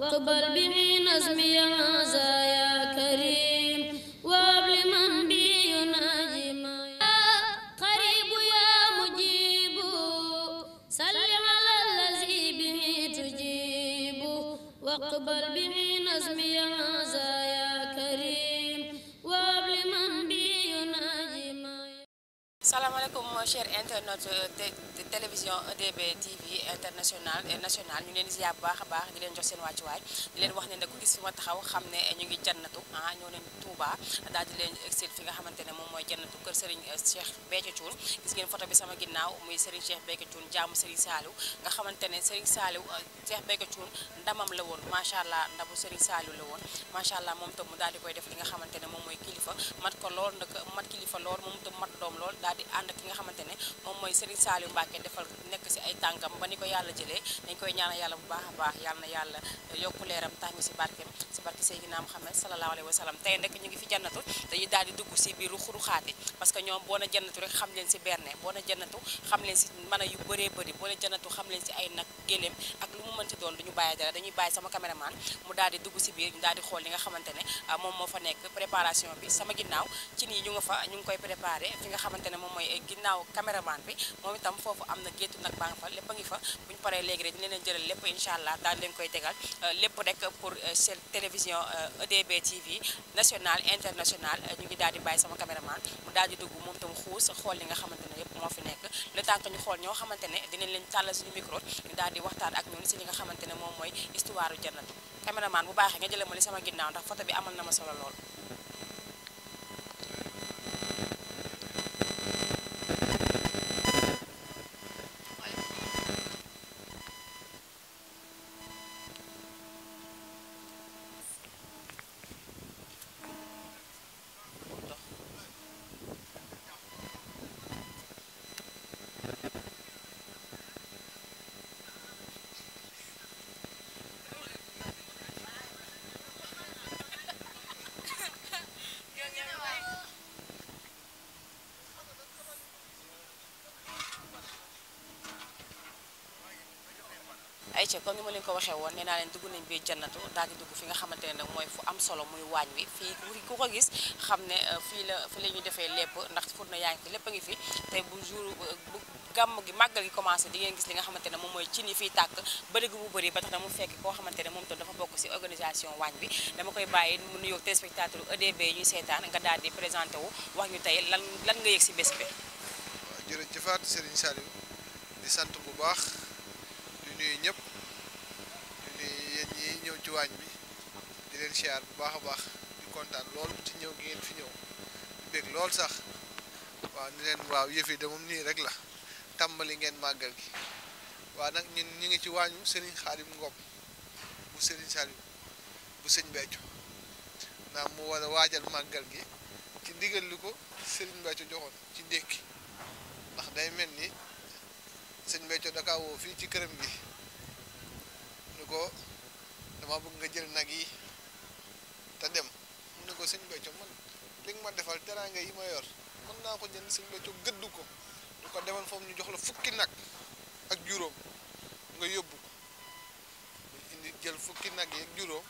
واقبل به يا هذا يا كريم وابل من بي يناجي ما يا قريب يا مجيب سل على الذي به تجيب واقبل به يا هذا يا كريم salaamaaleykum cher internet télévision EDB TV international euh, national ñu leen di ziar bu baax a baax di leen jox seen wàccuwaay di leen wax ne nag ku gis fi ma taxaw xam ne ñu ngi jannatu ah ñoo leen Touba daal di leen exil fi nga xamante ne moom mooy jannatu kër Serigne euh, Cheikh Béthio Thioune gis ngeen photo bi sama ginnaaw muy Serigne Cheikh Béthio Thioune jaamu Serigne Saliou nga xamante ne Serigne Saliou euh, Cheikh Béthio Thioune ndamam la woon macha allah ndamu Serigne Saliou la woon macha allah moom tam mu daal di koy def li nga xamante ne moom mooy kilifa mat ko lool nag mat kilifa lool moom lool di ànd ak ki nga xamante moom mooy Serigne nekk si ay tànkam ba ni ko yàlla jëlee dañ koy ñaanal yàlla bu baax a ñu si barkeem ñu a nga xamante ah, préparation bi sama ginnaaw ci nii ñu nga fa ñu ngi koy préparé fi nga xamante moom mooy ginnaaw caméraman bi moom itam foofu am na géttu nag baa nga fa lépp a ngi fa bu ñu paree léegi rek ñu leen jëlal lépp incha allah daal leen koy tegal euh, lépp rek pour euh, seen télévision EDB euh, e TV national internationale ñu ngi daal di bàyyi sama caméraman mu daal di dugg moom itam xuus xool li nga xamante ne yépp moo fi nekk le temps ñu xool ñoo xamante ne dinañ leen tàllal suñu micro ñu daal di waxtaan ak ñun si li nga xamante ne moom mooy histoire u jannatu caméraman bu baaxee nga jëlal sama ginnaaw ndax photo bi amal na ma solo ayca comme ni ma leen ko waxee woon nee naa fi am solo muy waañ wi xam ne euh, fii la fi la ñuy defee lépp ndax fourne yaa ngi lépp a ngi fi te bu jour bu gi màggal gi commencé di ngeen gis li nga xamante ne moom mooy cin yi fiy tàkk bëri gu bu bëri ba tax na mu fekk koo xamante ne moom tam dafa bokk si organisation waañ bi dama koy bàyyi mu nuyoo téléspectateur EDB yi ñuy seetaan nga daal di présenté wu wax ñu tey lan lan nga yëg si bés bi waaw jërëjëfaat Serigne Saliou di sant bu baax di nuyu ñi ñëw ci waañ bi di leen siyaar bu baax a baax di kontaan lool ci ñëw gi ngeen fi ñëw di bég lool sax waaw ni leen waaw yëf yi de nii rek la tàmbali ngeen màggal gi waa nag ñu ngi ci waañu Serigne Khadim Ngom bu Serigne Saliou bu sëñ Béthio ndax mu war a waajal màggal gi ci ndigal li ko Serigne Béthio joxoon ci ndékki ndax day mel ni sëñ Béthio da woo fii ci këram gi ni ko dama bëgg nga jël nag yi te dem mu ne ko sëñ Béthio man li ma defal teraanga yi ma yor mën naa ko jënd sëñ Béthio gëdd ko du ko demal foofu ñu jox la fukki nag ak juróom nga yóbbu indi jël fukki nag yi ak juróom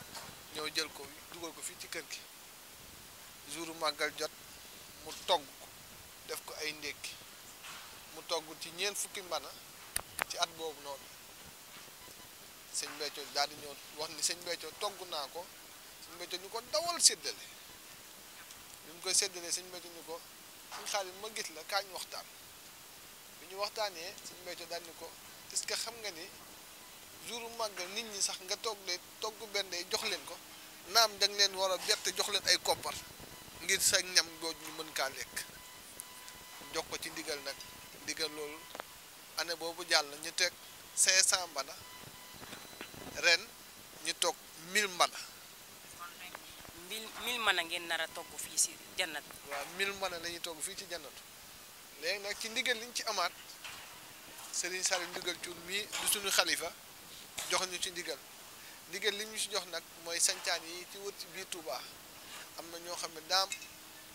ñëw jël ko dugal ko fii ci kër gi jouru màggal jot mu togg ko def ko ay ndékki mu togg ci ñeent fukki mbana ci at boobu noonu sëñ Béthio daal di ñëw wax ni sëñ Béthio togg naa ko sëñ Béthio ñu ko dawal séddale ñu koy séddalee sëñ Béthio ñu ko suñ xaalis ma gis la kaa ñu waxtaan bi ñu waxtaanee sëñ Béthio daal ni ko est-ce que xam nga ni jour màggal nit ñi sax nga togg de togg benn jox leen ko naam da leen wara a bett jox leen ay koppar ngir sa ñam gooju ñu mën kaa lekk jox ko ci ndigal nag ndigal loolu année boobu jàll ñu teg 500 mbana ren ñu toog mil mbana. mille mille ngeen nar a togg fii si jannat. waaw mille mbana la ñuy togg fii ci jannatu léegi nag ci ndigal liñ ci amaat Serigne Saliou ndigal cuun mii du suñu xalifa jox ñu ci ndigal ndigal li ñu jox nag mooy sancaan yi ci wër ci biir Touba am na ñoo xam ne daam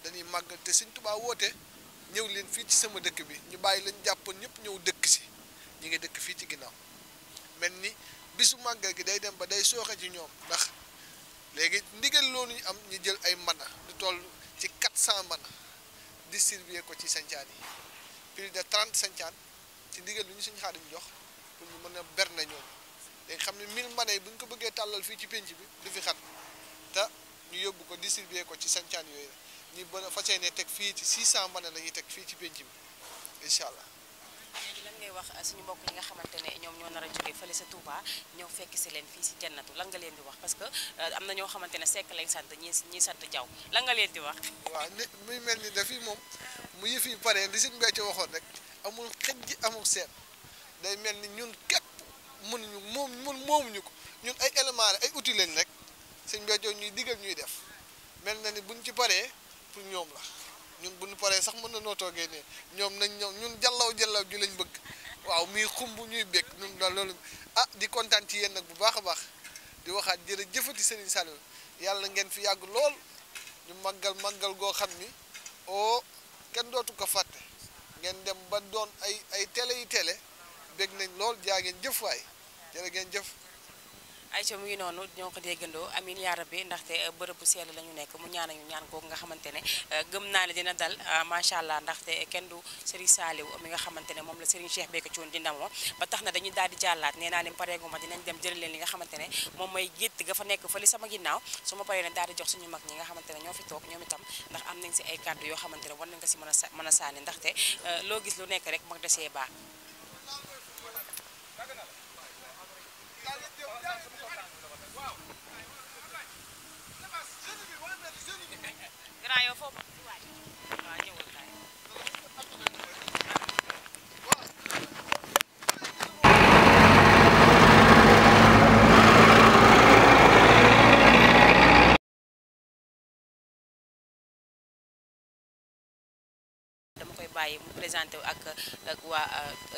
dañuy màggal te Sëriñ Touba woote ñëw leen fii ci sama dëkk bi ñu bàyyi leen jàppoon ñëpp ñëw dëkk si ñu ngi dëkk fii ci ginnaaw mel ni bisu màggal gi day dem ba day sooxe ci ñoom ndax léegi ndigal loolu ñu am ñu jël ay mbana du toll ci 400 mbana distribuer ko ci sancaan yi plus de 30 sancaan ci ndigal lu ñu suñ xaadim jox pour ñu mën a berne ñoom léegi xam ne 1000 mbana yi bu ñu ko bëggee tàllal fii ci pénc bi du fi xat te ñu yóbbu ko distribuer ko ci sancaan yooyu la ñu bën a fas yéene teg fii ci 600 mbana la ñuy teg fii ci pénc bi incha allah. ngay wax suñu mbokk yi nga xamantene ne ñoo nara joggé fele sa Touba ñëw fekk ci leen fi ci jannatu la nga leen di wax parce que euh, amna na ñoo xamante ne lañ sant ñi ñi sant jaw la nga leen di wax wa ni muy mel ni fi mom mu yefi paré pare li mbé ci waxon rek amul xëj ji amul sét day melni ni ñun képp ñu mom mom mom ñuko ñun ay élément ay outil lañ rek mbé mbeccoo ñuy digal ñuy def mel na ni buñ ci paré pour ñom la ñun buñu paré sax mëna na togué toogee ñom nañ ñoom ñun jallaw jallaw ju lañ bëgg waaw mii xumb ñuy bég ñun daal loolu ah di kontaan ci yéen nag bu baax a baax di waxaat jërëjëfati Serigne Saliou yàlla ngeen fi yàgg lool ñu màggal màggal goo xam ni oo oh, kenn dootu ko fàtte ngeen dem ba doon ay ay télé yi télé bég nañ lool jaa ngeen jëf waay jërë ngeen jëf. ay mu ngi noonu ñoo ko déggandoo amin yaa rabbi ndaxte euh, bërëb bu sell la ñu nekk mu ñaanañu ñaan googu nga xamante ne euh, gëm naa ne dina dal euh, macha allah ndaxte kenn du Serigne Saliou mi nga xamante ne moom la Serigne Cheikh Béthio Thioune di ndamoo tax na dañuy daal di jàllaat nee naa leen pareeguma dinañ dem jël leen li nga ne moom mooy gétt fa nekk fële sama ginnaaw su ma paree ne daal jox suñu mag ñi nga xamante ne ñoo fi toog ñoom itam ndax am nañ si ay kàddu yoo xamante ne war nañ ko si mën a mën a saani ndaxte loo gis lu nekk rek mag desee baax bàyyi mu présenté ak ak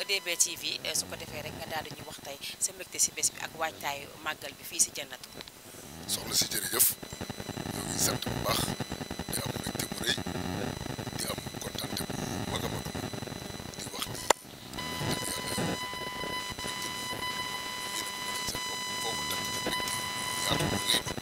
EDB TV su ko defee rek nga di ñu wax sa si bés bi ak waajtaayu màggal bi mag di wax a ko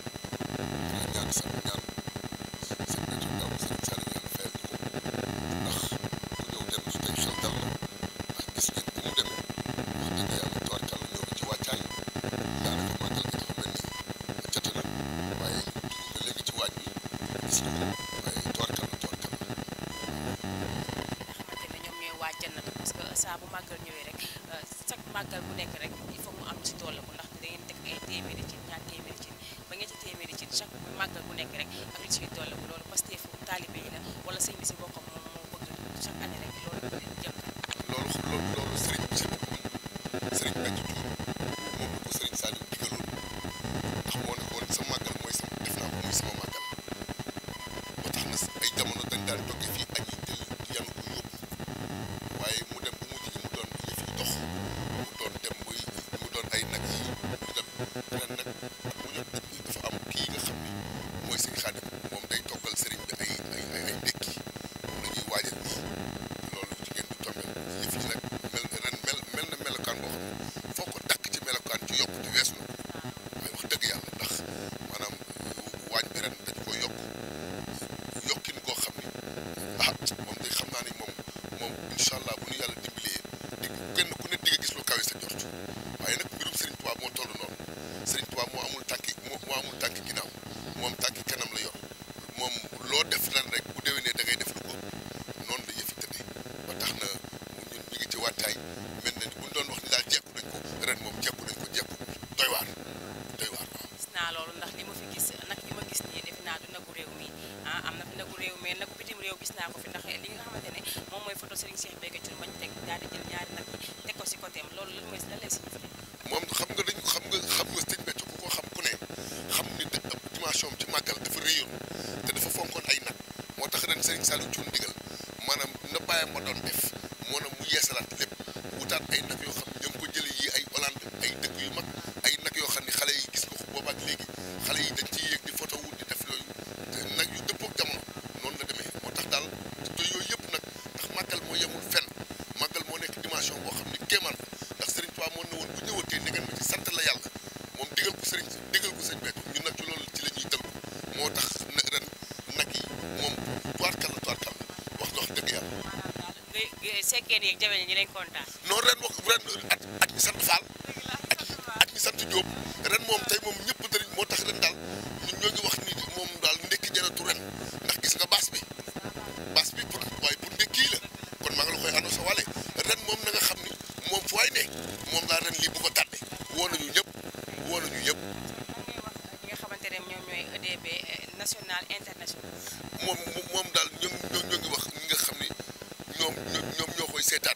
waa jannat parce que saa bu màggal ñëwee rek euh, chaque màggal bu nekk rek il faut mu am ci tool la ko ndax da ngeen teg ay téeméeri cin ñaar téeméeri cin ba ngeen ci téeméeri cin chaque màggal bu nekk rek ak li ciy tool la loolu parce que fu la wala sëñ bi si boppam moom moo bëgg chaque année rek loolu jëm amul tànk ginnaaw moom tànk kanam la yor moom loo def ren rek bu déwénee da ngay def lu ko noonu la yëfi tëddee ba tax na ñun ñu ngi ci wattaay mel na ni buñ doon wax ni daal jekku nañ ko ren moom jekku nañ ko jekku doy waar doy waar waaw. gis naa loolu ndax ma fi gis nag li ma gis nii defe naa du nagu réew mi ah, am na fi nagu réew mais nagu bitim réew gis naa ko fi ndax li nga xamante ne moom mooy photo Serigne Cheikh Béthio Thioune bañ teg daal di jël ñaari nag teg ko si côté am loolu lan mooy lan lay signifié. no. sekkeen yeeg jawe ñi lañ kontaan. non ren wax ren at at mi sant Fall at at sant Diop ren moom tey moom ñëpp dëriñ moo tax ren daal ñun wax ni moom daal ndekki jaratu ren ndax gis nga baas bi baas bi pour waaye pour ndekki la kon maa ngi la koy annoncé wale ren moom na nga xam ni moom fu waay ne moom laa ren lii bu ko tànnee woo nañu ñëpp woo nañu ñëpp. E eh, national international. moom moom daal ñoom ñoo ngi wax cette année.